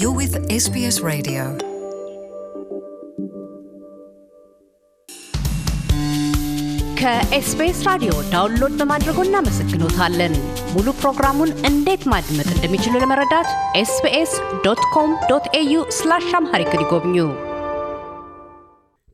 You're with SBS Radio. ከኤስቢኤስ ራዲዮ ዳውንሎድ በማድረጎ እናመሰግኖታለን። ሙሉ ፕሮግራሙን እንዴት ማድመጥ እንደሚችሉ ለመረዳት ኤስቢኤስ ዶት ኮም ዶት ኤዩ ስላሽ አምሃሪክ ይጎብኙ።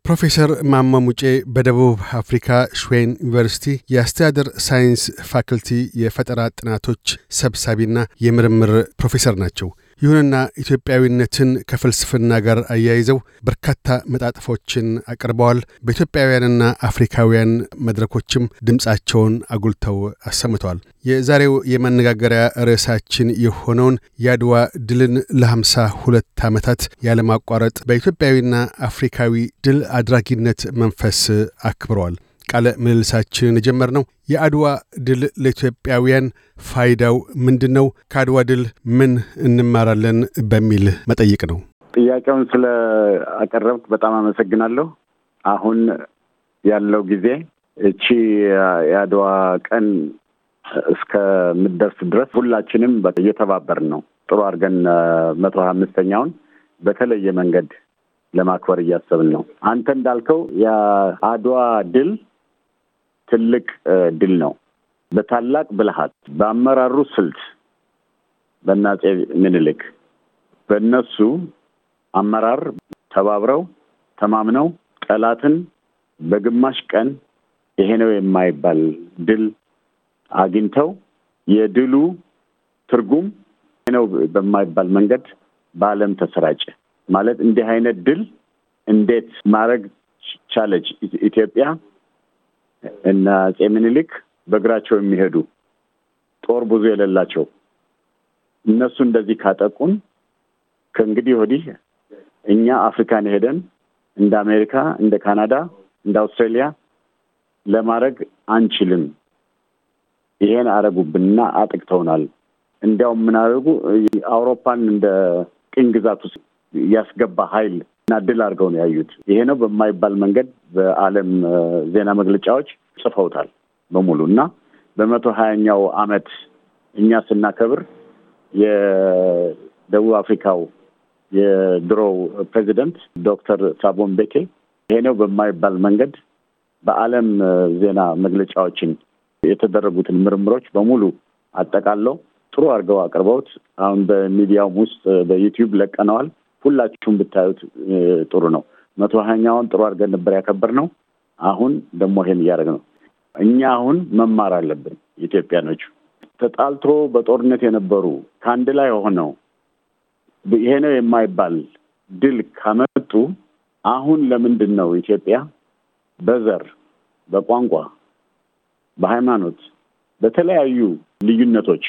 ፕሮፌሰር ማሞ ሙጬ በደቡብ አፍሪካ ሽዌን ዩኒቨርሲቲ የአስተዳደር ሳይንስ ፋክልቲ የፈጠራ ጥናቶች ሰብሳቢና የምርምር ፕሮፌሰር ናቸው። ይሁንና ኢትዮጵያዊነትን ከፍልስፍና ጋር አያይዘው በርካታ መጣጥፎችን አቅርበዋል። በኢትዮጵያውያንና አፍሪካውያን መድረኮችም ድምፃቸውን አጉልተው አሰምተዋል። የዛሬው የመነጋገሪያ ርዕሳችን የሆነውን የአድዋ ድልን ለሃምሳ ሁለት ዓመታት ያለማቋረጥ በኢትዮጵያዊና አፍሪካዊ ድል አድራጊነት መንፈስ አክብረዋል። ቃለ ምልልሳችን ነው። የአድዋ ድል ለኢትዮጵያውያን ፋይዳው ምንድን ነው? ከአድዋ ድል ምን እንማራለን? በሚል መጠይቅ ነው። ጥያቄውን ስለ አቀረብክ በጣም አመሰግናለሁ። አሁን ያለው ጊዜ እቺ የአድዋ ቀን እስከምደርስ ድረስ ሁላችንም እየተባበርን ነው። ጥሩ አድርገን መቶ ሀያ አምስተኛውን በተለየ መንገድ ለማክበር እያሰብን ነው። አንተ እንዳልከው የአድዋ ድል ትልቅ ድል ነው። በታላቅ ብልሃት፣ በአመራሩ ስልት በእነ አፄ ምኒልክ በእነሱ አመራር ተባብረው ተማምነው ጠላትን በግማሽ ቀን ይሄ ነው የማይባል ድል አግኝተው የድሉ ትርጉም ነው በማይባል መንገድ በዓለም ተሰራጨ። ማለት እንዲህ አይነት ድል እንዴት ማድረግ ቻለች ኢትዮጵያ? እና አጼ ምኒልክ በእግራቸው የሚሄዱ ጦር ብዙ የሌላቸው እነሱ እንደዚህ ካጠቁን ከእንግዲህ ወዲህ እኛ አፍሪካን ሄደን እንደ አሜሪካ፣ እንደ ካናዳ፣ እንደ አውስትራሊያ ለማድረግ አንችልም። ይሄን አረጉብንና አጥቅተውናል። እንዲያውም አረጉ አውሮፓን እንደ ቅኝ ግዛት ውስጥ ያስገባ ኃይል እና ድል አድርገው ነው ያዩት። ይሄ ነው በማይባል መንገድ በዓለም ዜና መግለጫዎች ጽፈውታል በሙሉ እና በመቶ ሀያኛው ዓመት እኛ ስናከብር የደቡብ አፍሪካው የድሮው ፕሬዚደንት ዶክተር ሳቦን ምቤኪ ይሄ ነው በማይባል መንገድ በዓለም ዜና መግለጫዎችን የተደረጉትን ምርምሮች በሙሉ አጠቃለው ጥሩ አድርገው አቅርበውት አሁን በሚዲያውም ውስጥ በዩቲዩብ ለቀነዋል። ሁላችሁም ብታዩት ጥሩ ነው። መቶ ሀያኛውን ጥሩ አድርገን ነበር ነው። አሁን ደግሞ ይሄን እያደረግ ነው። እኛ አሁን መማር አለብን። ኢትዮጵያኖች ተጣልቶ በጦርነት የነበሩ ከአንድ ላይ ሆነው ይሄ ነው የማይባል ድል ካመጡ አሁን ለምንድን ነው ኢትዮጵያ በዘር፣ በቋንቋ፣ በሃይማኖት፣ በተለያዩ ልዩነቶች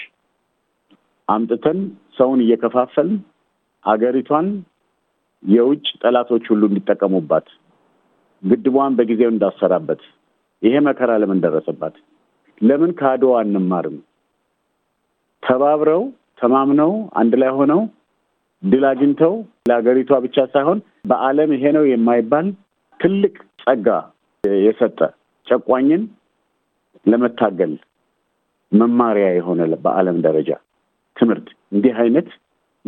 አምጥተን ሰውን እየከፋፈልን ሀገሪቷን የውጭ ጠላቶች ሁሉ እንዲጠቀሙባት፣ ግድቧን በጊዜው እንዳሰራበት፣ ይሄ መከራ ለምን ደረሰባት? ለምን ከአድዋ አንማርም? ተባብረው ተማምነው አንድ ላይ ሆነው ድል አግኝተው ለሀገሪቷ ብቻ ሳይሆን በዓለም ይሄ ነው የማይባል ትልቅ ጸጋ የሰጠ ጨቋኝን ለመታገል መማሪያ የሆነ በዓለም ደረጃ ትምህርት እንዲህ አይነት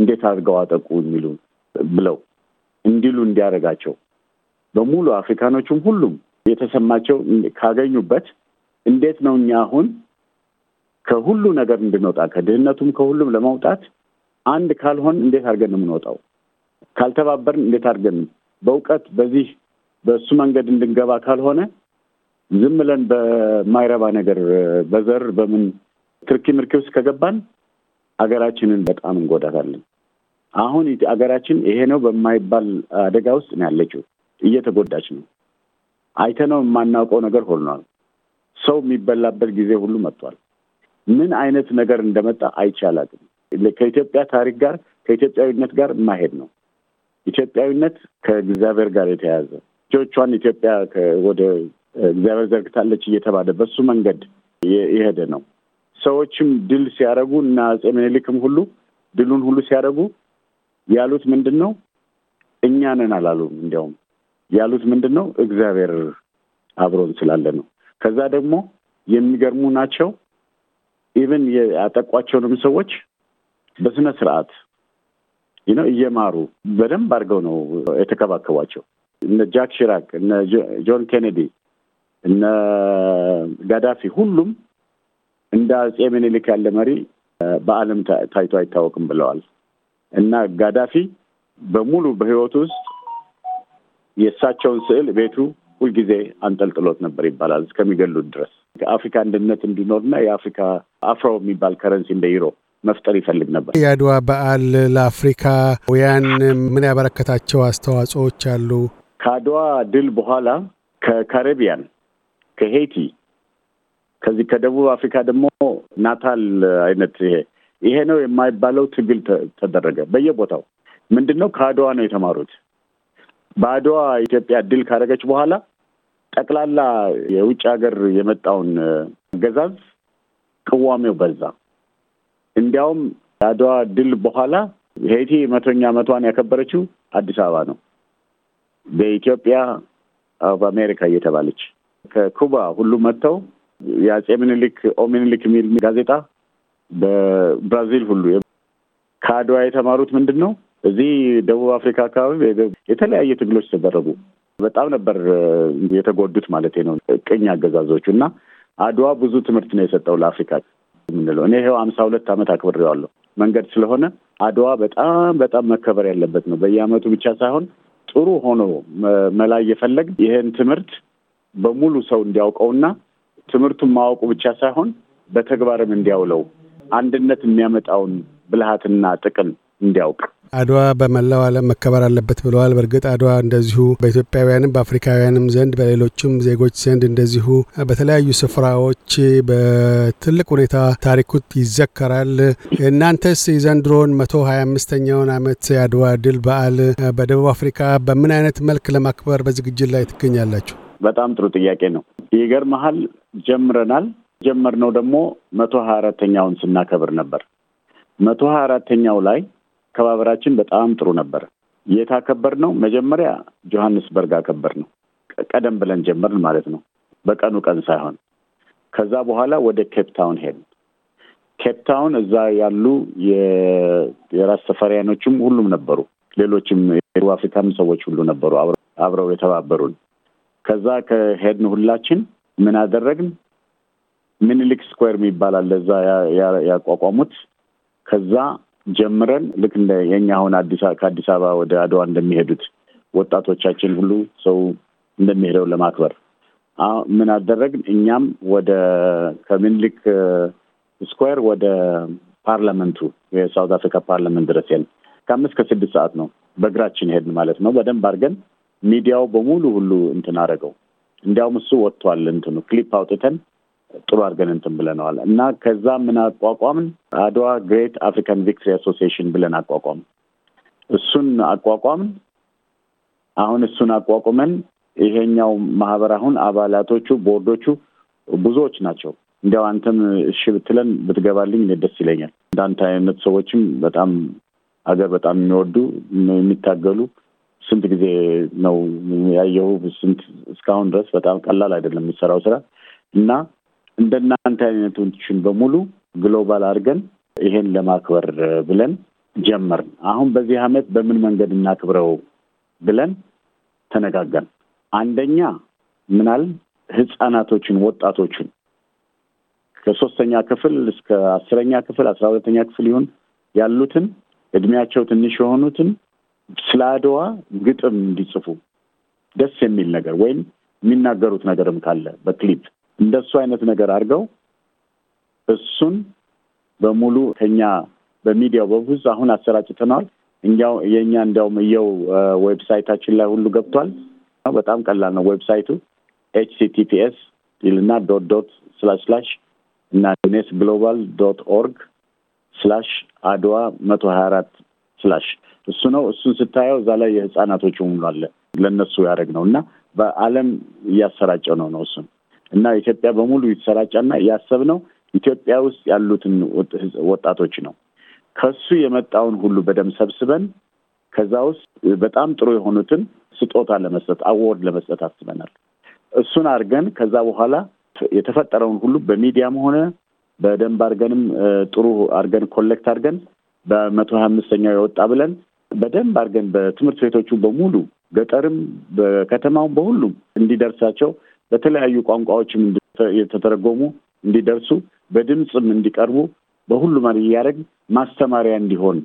እንዴት አድርገው አጠቁ የሚሉ ብለው እንዲሉ እንዲያደርጋቸው በሙሉ አፍሪካኖቹም ሁሉም የተሰማቸው ካገኙበት እንዴት ነው እኛ አሁን ከሁሉ ነገር እንድንወጣ ከድህነቱም ከሁሉም ለመውጣት አንድ ካልሆን እንዴት አድርገን የምንወጣው? ካልተባበርን እንዴት አድርገን በእውቀት በዚህ በእሱ መንገድ እንድንገባ ካልሆነ ዝም ብለን በማይረባ ነገር በዘር በምን ትርኪ ምርኪ ውስጥ ከገባን አገራችንን በጣም እንጎዳታለን። አሁን አገራችን ይሄ ነው በማይባል አደጋ ውስጥ ነው ያለችው፣ እየተጎዳች ነው። አይተነው የማናውቀው ነገር ሆኗል። ሰው የሚበላበት ጊዜ ሁሉ መጥቷል። ምን አይነት ነገር እንደመጣ አይቻላትም። ከኢትዮጵያ ታሪክ ጋር ከኢትዮጵያዊነት ጋር ማሄድ ነው። ኢትዮጵያዊነት ከእግዚአብሔር ጋር የተያያዘ እጆቿን ኢትዮጵያ ወደ እግዚአብሔር ዘርግታለች እየተባለ በሱ መንገድ የሄደ ነው። ሰዎችም ድል ሲያደረጉ እና አፄ ምኒልክም ሁሉ ድሉን ሁሉ ሲያደረጉ ያሉት ምንድን ነው? እኛ ነን አላሉም። እንዲያውም ያሉት ምንድን ነው? እግዚአብሔር አብሮን ስላለ ነው። ከዛ ደግሞ የሚገርሙ ናቸው። ኢቨን ያጠቋቸውንም ሰዎች በስነ ስርአት ነው እየማሩ በደንብ አድርገው ነው የተከባከቧቸው። እነ ጃክ ሽራክ፣ እነ ጆን ኬኔዲ፣ እነ ጋዳፊ ሁሉም እንደ አጼ ምኒልክ ያለ መሪ በዓለም ታይቶ አይታወቅም ብለዋል እና ጋዳፊ በሙሉ በህይወቱ ውስጥ የእሳቸውን ስዕል ቤቱ ሁልጊዜ አንጠልጥሎት ነበር ይባላል እስከሚገሉት ድረስ። ከአፍሪካ አንድነት እንዲኖርና የአፍሪካ አፍሮ የሚባል ከረንሲ እንደ ዩሮ መፍጠር ይፈልግ ነበር። የአድዋ በዓል ለአፍሪካውያን ምን ያበረከታቸው አስተዋጽኦዎች አሉ? ከአድዋ ድል በኋላ ከካሪቢያን ከሄይቲ ከዚህ ከደቡብ አፍሪካ ደግሞ ናታል አይነት ይሄ ይሄ ነው የማይባለው ትግል ተደረገ በየቦታው ምንድን ነው ከአድዋ ነው የተማሩት በአድዋ ኢትዮጵያ ድል ካደረገች በኋላ ጠቅላላ የውጭ ሀገር የመጣውን አገዛዝ ቅዋሜው በዛ እንዲያውም አድዋ ድል በኋላ ሄይቲ መቶኛ መቷን ያከበረችው አዲስ አበባ ነው በኢትዮጵያ ኦፍ አሜሪካ እየተባለች ከኩባ ሁሉ መጥተው የአጼ ምኒልክ ኦ ምኒልክ የሚል ጋዜጣ በብራዚል ሁሉ ከአድዋ የተማሩት ምንድን ነው? እዚህ ደቡብ አፍሪካ አካባቢ የተለያየ ትግሎች ተደረጉ። በጣም ነበር የተጎዱት ማለት ነው ቅኝ አገዛዞቹ እና አድዋ ብዙ ትምህርት ነው የሰጠው ለአፍሪካ የምንለው እኔ ይኸው ሀምሳ ሁለት ዓመት አክብሬዋለሁ። መንገድ ስለሆነ አድዋ በጣም በጣም መከበር ያለበት ነው። በየአመቱ ብቻ ሳይሆን ጥሩ ሆኖ መላ እየፈለግ ይህን ትምህርት በሙሉ ሰው እንዲያውቀውና ትምህርቱን ማወቁ ብቻ ሳይሆን በተግባርም እንዲያውለው አንድነት የሚያመጣውን ብልሃትና ጥቅም እንዲያውቅ አድዋ በመላው ዓለም መከበር አለበት ብለዋል። በእርግጥ አድዋ እንደዚሁ በኢትዮጵያውያንም በአፍሪካውያንም ዘንድ በሌሎችም ዜጎች ዘንድ እንደዚሁ በተለያዩ ስፍራዎች በትልቅ ሁኔታ ታሪኩት ይዘከራል። እናንተስ የዘንድሮን መቶ ሀያ አምስተኛውን ዓመት የአድዋ ድል በዓል በደቡብ አፍሪካ በምን አይነት መልክ ለማክበር በዝግጅት ላይ ትገኛላችሁ? በጣም ጥሩ ጥያቄ ነው። መሀል? ጀምረናል። ጀመርነው ደግሞ መቶ ሀያ አራተኛውን ስናከብር ነበር። መቶ ሀያ አራተኛው ላይ ከባበራችን በጣም ጥሩ ነበር። የት አከበርነው? መጀመሪያ ጆሀንስበርግ አከበርነው። ቀደም ብለን ጀመርን ማለት ነው፣ በቀኑ ቀን ሳይሆን። ከዛ በኋላ ወደ ኬፕታውን ሄድን። ኬፕታውን እዛ ያሉ የራስ ሰፈሪያኖችም ሁሉም ነበሩ፣ ሌሎችም የደቡብ አፍሪካም ሰዎች ሁሉ ነበሩ አብረው የተባበሩን። ከዛ ከሄድን ሁላችን ምን አደረግን? ምኒልክ ስኩዌር የሚባል አለ እዛ ያቋቋሙት። ከዛ ጀምረን ልክ እንደ የኛ አሁን ከአዲስ አበባ ወደ አድዋ እንደሚሄዱት ወጣቶቻችን ሁሉ ሰው እንደሚሄደው ለማክበር ምን አደረግን? እኛም ወደ ከምኒልክ ስኩዌር ወደ ፓርላመንቱ የሳውት አፍሪካ ፓርላመንት ድረስ ሄድን። ከአምስት ከስድስት ሰዓት ነው በእግራችን ሄድን ማለት ነው። በደንብ አድርገን ሚዲያው በሙሉ ሁሉ እንትን አደረገው እንዲያውም እሱ ወጥቷል። እንትኑ ክሊፕ አውጥተን ጥሩ አድርገን እንትን ብለነዋል እና ከዛ ምን አቋቋምን? አድዋ ግሬት አፍሪካን ቪክትሪ አሶሲሽን ብለን አቋቋም እሱን አቋቋምን። አሁን እሱን አቋቁመን ይሄኛው ማህበር አሁን አባላቶቹ ቦርዶቹ ብዙዎች ናቸው። እንዲያው አንተም እሺ ብትለን ብትገባልኝ ደስ ይለኛል። እንዳንተ አይነት ሰዎችም በጣም ሀገር በጣም የሚወዱ የሚታገሉ ስንት ጊዜ ነው ያየው ስንት እስካሁን ድረስ በጣም ቀላል አይደለም የሚሰራው ስራ እና እንደናንተ አይነቶችን በሙሉ ግሎባል አድርገን ይሄን ለማክበር ብለን ጀመርን። አሁን በዚህ አመት በምን መንገድ እናክብረው ብለን ተነጋገን አንደኛ ምናል ህጻናቶችን፣ ወጣቶችን ከሶስተኛ ክፍል እስከ አስረኛ ክፍል አስራ ሁለተኛ ክፍል ይሁን ያሉትን እድሜያቸው ትንሽ የሆኑትን ስለ አድዋ ግጥም እንዲጽፉ ደስ የሚል ነገር ወይም የሚናገሩት ነገርም ካለ በክሊፕ እንደሱ አይነት ነገር አድርገው እሱን በሙሉ ከኛ በሚዲያው በብዙ አሁን አሰራጭተነዋል። እንዲያው የእኛ እንዲያውም እየው ዌብሳይታችን ላይ ሁሉ ገብቷል። በጣም ቀላል ነው ዌብሳይቱ ኤችሲቲፒኤስ ይልና ዶት ዶት ስላሽ ስላሽ እና ዩኔስ ግሎባል ዶት ኦርግ ስላሽ አድዋ መቶ ሀያ አራት ስላሽ እሱ ነው። እሱን ስታየው እዛ ላይ የህፃናቶች ሙሉ አለ ለእነሱ ያደረግ ነው እና በዓለም እያሰራጨው ነው ነው እሱን እና ኢትዮጵያ በሙሉ ይሰራጫና ያሰብ ነው ኢትዮጵያ ውስጥ ያሉትን ወጣቶች ነው ከሱ የመጣውን ሁሉ በደም ሰብስበን ከዛ ውስጥ በጣም ጥሩ የሆኑትን ስጦታ ለመስጠት አዋርድ ለመስጠት አስበናል። እሱን አድርገን ከዛ በኋላ የተፈጠረውን ሁሉ በሚዲያም ሆነ በደንብ አድርገንም ጥሩ አድርገን ኮሌክት አድርገን በመቶ ሀያ አምስተኛው የወጣ ብለን በደንብ አድርገን በትምህርት ቤቶቹ በሙሉ ገጠርም፣ በከተማው በሁሉም እንዲደርሳቸው በተለያዩ ቋንቋዎችም የተተረጎሙ እንዲደርሱ በድምፅም እንዲቀርቡ ማ እያደረግ ማስተማሪያ እንዲሆን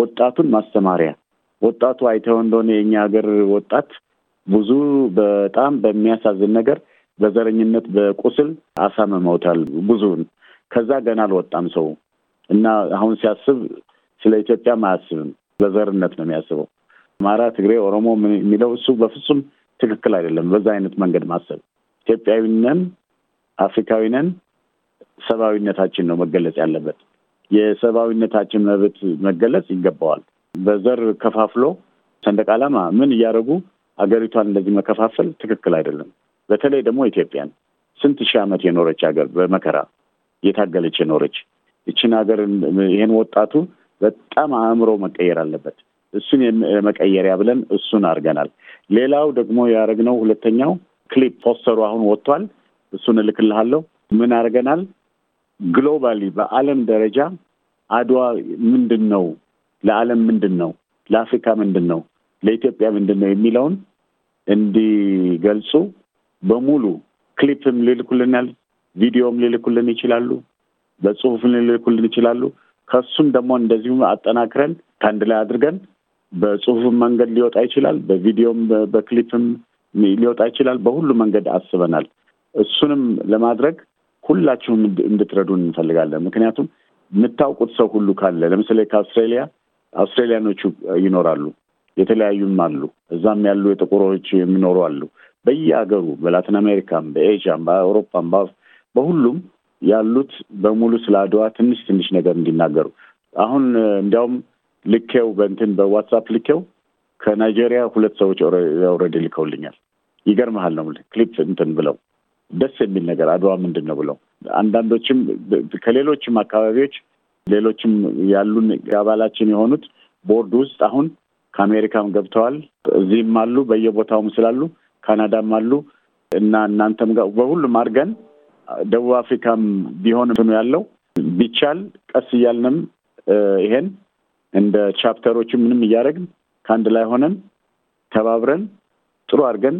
ወጣቱን ማስተማሪያ ወጣቱ አይተው እንደሆነ የእኛ ሀገር ወጣት ብዙ በጣም በሚያሳዝን ነገር በዘረኝነት በቁስል አሳምመውታል ብዙውን። ከዛ ገና አልወጣም ሰው እና አሁን ሲያስብ ስለ ኢትዮጵያም አያስብም። በዘርነት ነው የሚያስበው። አማራ፣ ትግሬ፣ ኦሮሞ የሚለው እሱ በፍጹም ትክክል አይደለም። በዛ አይነት መንገድ ማሰብ ኢትዮጵያዊነን፣ አፍሪካዊነን ሰብአዊነታችን ነው መገለጽ ያለበት። የሰብአዊነታችን መብት መገለጽ ይገባዋል። በዘር ከፋፍሎ ሰንደቅ ዓላማ ምን እያደረጉ አገሪቷን እንደዚህ መከፋፈል ትክክል አይደለም። በተለይ ደግሞ ኢትዮጵያን ስንት ሺህ ዓመት የኖረች ሀገር በመከራ የታገለች የኖረች ይችን ሀገር ይህን ወጣቱ በጣም አእምሮ መቀየር አለበት። እሱን መቀየሪያ ብለን እሱን አድርገናል። ሌላው ደግሞ ያደረግነው ሁለተኛው ክሊፕ ፖስተሩ አሁን ወጥቷል። እሱን እልክልሃለሁ። ምን አድርገናል? ግሎባሊ በዓለም ደረጃ አድዋ ምንድን ነው፣ ለዓለም ምንድን ነው፣ ለአፍሪካ ምንድን ነው፣ ለኢትዮጵያ ምንድን ነው የሚለውን እንዲገልጹ በሙሉ ክሊፕም ሊልኩልናል፣ ቪዲዮም ሊልኩልን ይችላሉ፣ በጽሁፍም ሊልኩልን ይችላሉ። ከሱም ደግሞ እንደዚሁም አጠናክረን ከአንድ ላይ አድርገን በጽሁፍም መንገድ ሊወጣ ይችላል። በቪዲዮም በክሊፕም ሊወጣ ይችላል። በሁሉ መንገድ አስበናል። እሱንም ለማድረግ ሁላችሁም እንድትረዱን እንፈልጋለን። ምክንያቱም የምታውቁት ሰው ሁሉ ካለ ለምሳሌ ከአውስትራሊያ አውስትራሊያኖቹ ይኖራሉ፣ የተለያዩም አሉ። እዛም ያሉ የጥቁሮች የሚኖሩ አሉ። በየሀገሩ በላቲን አሜሪካም፣ በኤዥያም፣ በአውሮፓም በሁሉም ያሉት በሙሉ ስለ አድዋ ትንሽ ትንሽ ነገር እንዲናገሩ አሁን እንዲያውም ልኬው በእንትን በዋትሳፕ ልኬው ከናይጄሪያ ሁለት ሰዎች ኦልሬዲ ልከውልኛል። ይገርመሃል ነው ክሊፕ እንትን ብለው ደስ የሚል ነገር አድዋ ምንድን ነው ብለው አንዳንዶችም ከሌሎችም አካባቢዎች ሌሎችም ያሉን አባላችን የሆኑት ቦርድ ውስጥ አሁን ከአሜሪካም ገብተዋል። እዚህም አሉ፣ በየቦታውም ስላሉ ካናዳም አሉ እና እናንተም ጋር በሁሉም አድርገን ደቡብ አፍሪካም ቢሆን እንትኑ ያለው ቢቻል ቀስ እያልንም ይሄን እንደ ቻፕተሮች ምንም እያደረግን ከአንድ ላይ ሆነን ተባብረን ጥሩ አድርገን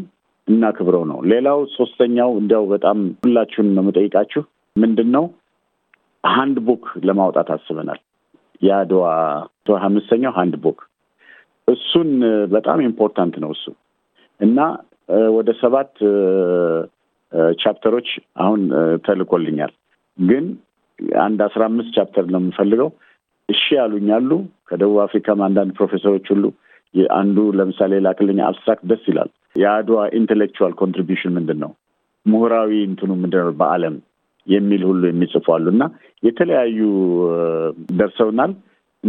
እናክብረው ነው። ሌላው ሶስተኛው እንዲያው በጣም ሁላችሁን ነው የምጠይቃችሁ፣ ምንድን ነው ሀንድ ቡክ ለማውጣት አስበናል። የአድዋ አምስተኛው ሀንድ ቡክ እሱን በጣም ኢምፖርታንት ነው እሱ እና ወደ ሰባት ቻፕተሮች አሁን ተልኮልኛል። ግን አንድ አስራ አምስት ቻፕተር ነው የምንፈልገው። እሺ ያሉኛሉ ከደቡብ አፍሪካም አንዳንድ ፕሮፌሰሮች ሁሉ አንዱ ለምሳሌ ላክልኝ አብስትራክት ደስ ይላል። የአድዋ ኢንቴሌክቹዋል ኮንትሪቢሽን ምንድን ነው ምሁራዊ እንትኑ ምንድን ነው በዓለም የሚል ሁሉ የሚጽፉ አሉ እና የተለያዩ ደርሰውናል።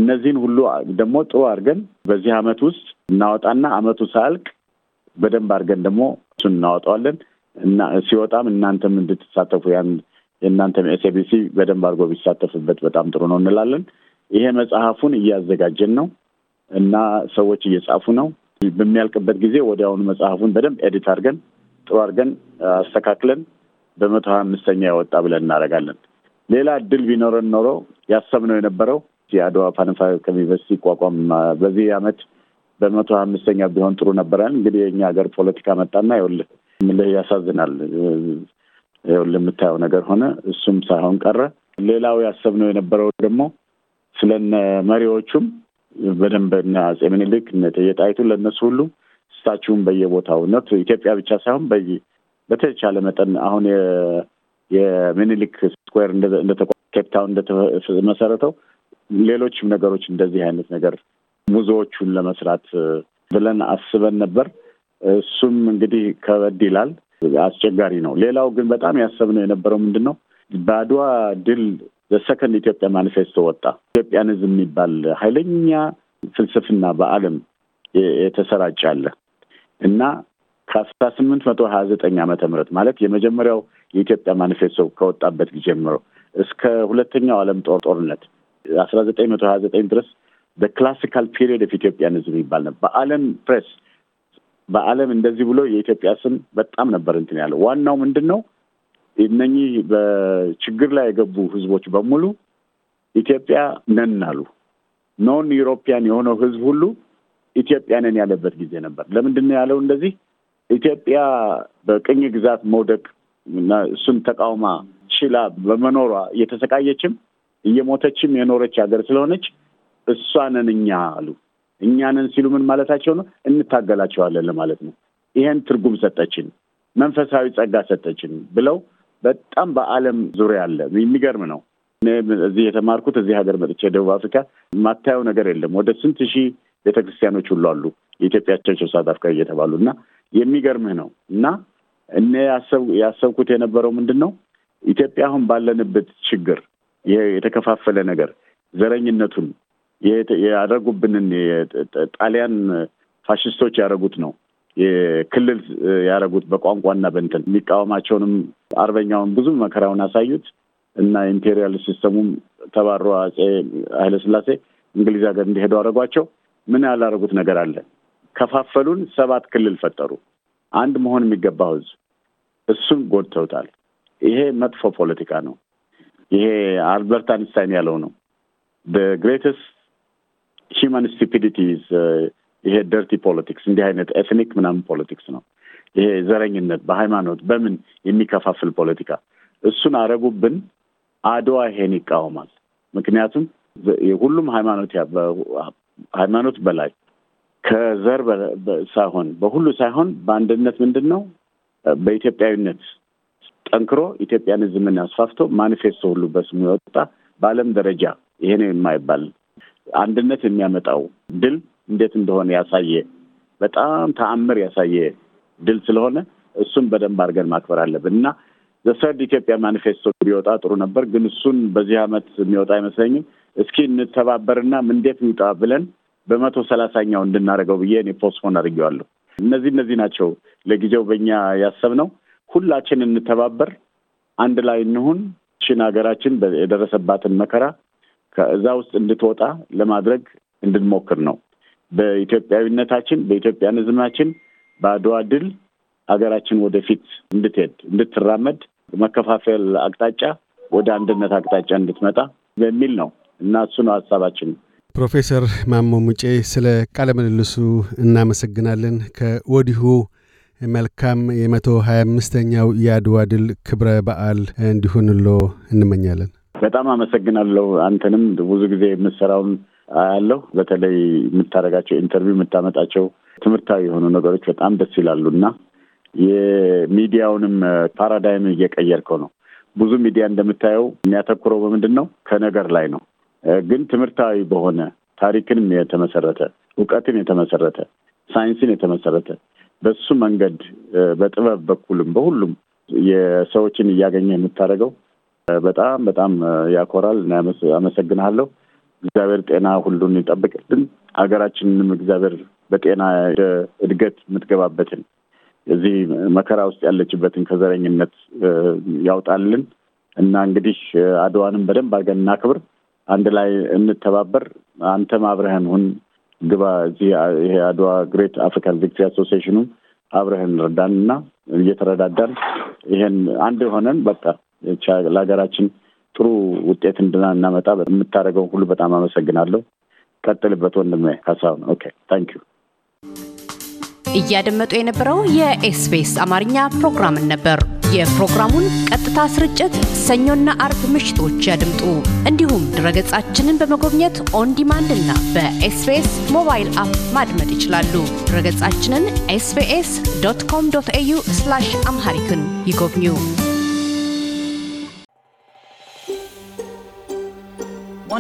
እነዚህን ሁሉ ደግሞ ጥሩ አድርገን በዚህ አመት ውስጥ እናወጣና አመቱ ሳያልቅ በደንብ አድርገን ደግሞ እሱን እናወጣዋለን። እና ሲወጣም እናንተም እንድትሳተፉ ያን የእናንተም ኤስኤቢሲ በደንብ አድርጎ ቢሳተፍበት በጣም ጥሩ ነው እንላለን። ይሄ መጽሐፉን እያዘጋጀን ነው እና ሰዎች እየጻፉ ነው። በሚያልቅበት ጊዜ ወዲያውኑ መጽሐፉን በደንብ ኤዲት አድርገን ጥሩ አድርገን አስተካክለን በመቶ ሀያ አምስተኛ ያወጣ ብለን እናደርጋለን። ሌላ እድል ቢኖረን ኖሮ ያሰብነው የነበረው የአድዋ ፓን አፍሪካ ዩኒቨርሲቲ ይቋቋም በዚህ አመት በመቶ ሀያ አምስተኛ ቢሆን ጥሩ ነበረ። እንግዲህ የኛ ሀገር ፖለቲካ መጣና ይኸውልህ ምልህ ያሳዝናል። የምታየው ነገር ሆነ። እሱም ሳይሆን ቀረ። ሌላው ያሰብነው የነበረው ደግሞ ስለነ መሪዎቹም በደንብ እነ አጼ ምኒልክ እነ እቴጌ ጣይቱ ለእነሱ ሁሉ እሳችሁም በየቦታው እውነት ኢትዮጵያ ብቻ ሳይሆን በተቻለ መጠን አሁን የሚኒሊክ ስኩዌር እንደተቋ ኬፕታውን እንደተመሰረተው ሌሎችም ነገሮች እንደዚህ አይነት ነገር ሙዞዎቹን ለመስራት ብለን አስበን ነበር። እሱም እንግዲህ ከበድ ይላል፣ አስቸጋሪ ነው። ሌላው ግን በጣም ያሰብነው የነበረው ምንድን ነው በአድዋ ድል ዘሰከንድ ኢትዮጵያ ማኒፌስቶ ወጣ። ኢትዮጵያንዝም የሚባል ኃይለኛ ፍልስፍና በዓለም የተሰራጨ አለ እና ከአስራ ስምንት መቶ ሀያ ዘጠኝ ዓመተ ምህረት ማለት የመጀመሪያው የኢትዮጵያ ማኒፌስቶ ከወጣበት ጊዜ ጀምሮ እስከ ሁለተኛው ዓለም ጦር ጦርነት አስራ ዘጠኝ መቶ ሀያ ዘጠኝ ድረስ በክላሲካል ፒሪዮድ ኦፍ ኢትዮጵያንዝም የሚባል ነበር። በዓለም ፕሬስ በዓለም እንደዚህ ብሎ የኢትዮጵያ ስም በጣም ነበር እንትን ያለው። ዋናው ምንድን ነው እነኚህ በችግር ላይ የገቡ ህዝቦች በሙሉ ኢትዮጵያ ነን አሉ። ኖን ዩሮፒያን የሆነው ህዝብ ሁሉ ኢትዮጵያ ነን ያለበት ጊዜ ነበር። ለምንድን ነው ያለው እንደዚህ? ኢትዮጵያ በቅኝ ግዛት መውደቅ እና እሱን ተቃውማ ችላ በመኖሯ እየተሰቃየችም እየሞተችም የኖረች ሀገር ስለሆነች እሷ ነን እኛ አሉ። እኛንን ሲሉ ምን ማለታቸው ነው? እንታገላቸዋለን ለማለት ነው። ይሄን ትርጉም ሰጠችን፣ መንፈሳዊ ጸጋ ሰጠችን ብለው በጣም በዓለም ዙሪያ አለ። የሚገርም ነው። እዚህ የተማርኩት እዚህ ሀገር መጥቼ ደቡብ አፍሪካ የማታየው ነገር የለም። ወደ ስንት ሺህ ቤተክርስቲያኖች ሁሉ አሉ የኢትዮጵያ ቸርች ኦፍ ሳውዝ አፍሪካ እየተባሉ እና የሚገርምህ ነው እና እኔ ያሰብኩት የነበረው ምንድን ነው ኢትዮጵያ አሁን ባለንበት ችግር የተከፋፈለ ነገር ዘረኝነቱን ያደረጉብንን ጣሊያን ፋሽስቶች ያደረጉት ነው የክልል ያደረጉት በቋንቋና በንትን የሚቃወማቸውንም አርበኛውን ብዙ መከራውን አሳዩት እና ኢምፔሪያል ሲስተሙም ተባሮ አጼ ኃይለስላሴ እንግሊዝ ሀገር እንዲሄዱ አደረጓቸው። ምን ያላደረጉት ነገር አለ? ከፋፈሉን፣ ሰባት ክልል ፈጠሩ። አንድ መሆን የሚገባው ህዝብ እሱን ጎድተውታል። ይሄ መጥፎ ፖለቲካ ነው። ይሄ አልበርት አንስታይን ያለው ነው። ግሬትስት ሂማን ስቱፒዲቲዝ uh, ይሄ ደርቲ ፖለቲክስ እንዲህ አይነት ኤትኒክ ምናምን ፖለቲክስ ነው። ይሄ ዘረኝነት በሃይማኖት በምን የሚከፋፍል ፖለቲካ እሱን አረጉብን። አድዋ ይሄን ይቃወማል። ምክንያቱም ሁሉም ሃይማኖት ሃይማኖት በላይ ከዘር ሳይሆን በሁሉ ሳይሆን በአንድነት ምንድን ነው በኢትዮጵያዊነት ጠንክሮ ኢትዮጵያን ዝምን አስፋፍቶ ማኒፌስቶ ሁሉ በስሙ የወጣ በአለም ደረጃ ይሄ ነው የማይባል አንድነት የሚያመጣው ድል እንዴት እንደሆነ ያሳየ በጣም ተአምር ያሳየ ድል ስለሆነ እሱን በደንብ አድርገን ማክበር አለብን እና ዘሰርድ ኢትዮጵያ ማኒፌስቶ ቢወጣ ጥሩ ነበር፣ ግን እሱን በዚህ ዓመት የሚወጣ አይመስለኝም። እስኪ እንተባበርና እንዴት ይውጣ ብለን በመቶ ሰላሳኛው እንድናደርገው ብዬ እኔ ፖስፖን አድርጌዋለሁ። እነዚህ እነዚህ ናቸው ለጊዜው በእኛ ያሰብነው። ሁላችን እንተባበር፣ አንድ ላይ እንሁን። ሽን ሀገራችን የደረሰባትን መከራ ከእዛ ውስጥ እንድትወጣ ለማድረግ እንድንሞክር ነው። በኢትዮጵያዊነታችን በኢትዮጵያንዝማችን በአድዋ ድል ሀገራችን ወደፊት እንድትሄድ እንድትራመድ መከፋፈል አቅጣጫ ወደ አንድነት አቅጣጫ እንድትመጣ በሚል ነው እና እሱ ነው ሀሳባችን። ፕሮፌሰር ማሞ ሙጬ ስለ ቃለ ምልልሱ እናመሰግናለን። ከወዲሁ መልካም የመቶ ሀያ አምስተኛው የአድዋ ድል ክብረ በዓል እንዲሆንሎ እንመኛለን። በጣም አመሰግናለሁ። አንተንም ብዙ ጊዜ የምሰራውን አያለሁ። በተለይ የምታደርጋቸው ኢንተርቪው፣ የምታመጣቸው ትምህርታዊ የሆኑ ነገሮች በጣም ደስ ይላሉ እና የሚዲያውንም ፓራዳይም እየቀየርከው ነው። ብዙ ሚዲያ እንደምታየው የሚያተኩረው በምንድን ነው? ከነገር ላይ ነው። ግን ትምህርታዊ በሆነ ታሪክንም የተመሰረተ እውቀትን የተመሰረተ ሳይንስን የተመሰረተ በሱ መንገድ በጥበብ በኩልም በሁሉም የሰዎችን እያገኘ የምታደርገው በጣም በጣም ያኮራል አመሰግናለሁ። እግዚአብሔር ጤና ሁሉን ይጠብቅልን። ሀገራችንንም እግዚአብሔር በጤና እድገት የምትገባበትን እዚህ መከራ ውስጥ ያለችበትን ከዘረኝነት ያውጣልን እና እንግዲህ አድዋንም በደንብ አድርገን እናክብር። አንድ ላይ እንተባበር። አንተም አብረህን ሁን ግባ እዚህ ይሄ አድዋ ግሬት አፍሪካን ቪክትሪ አሶሲዬሽኑ አብረህን ረዳን እና እየተረዳዳን ይሄን አንድ ሆነን በቃ ለሀገራችን ጥሩ ውጤት እናመጣ የምታደርገውን ሁሉ በጣም አመሰግናለሁ። ቀጥልበት ወንድሜ ሀሳብ ነው። ኦኬ ታንክ ዩ። እያደመጡ የነበረው የኤስቢኤስ አማርኛ ፕሮግራምን ነበር። የፕሮግራሙን ቀጥታ ስርጭት ሰኞና አርብ ምሽቶች ያድምጡ። እንዲሁም ድረገጻችንን በመጎብኘት ኦን ዲማንድ እና በኤስቢኤስ ሞባይል አፕ ማድመጥ ይችላሉ። ድረገጻችንን ኤስቢኤስ ዶት ኮም ዶት ኤዩ አምሃሪክን ይጎብኙ።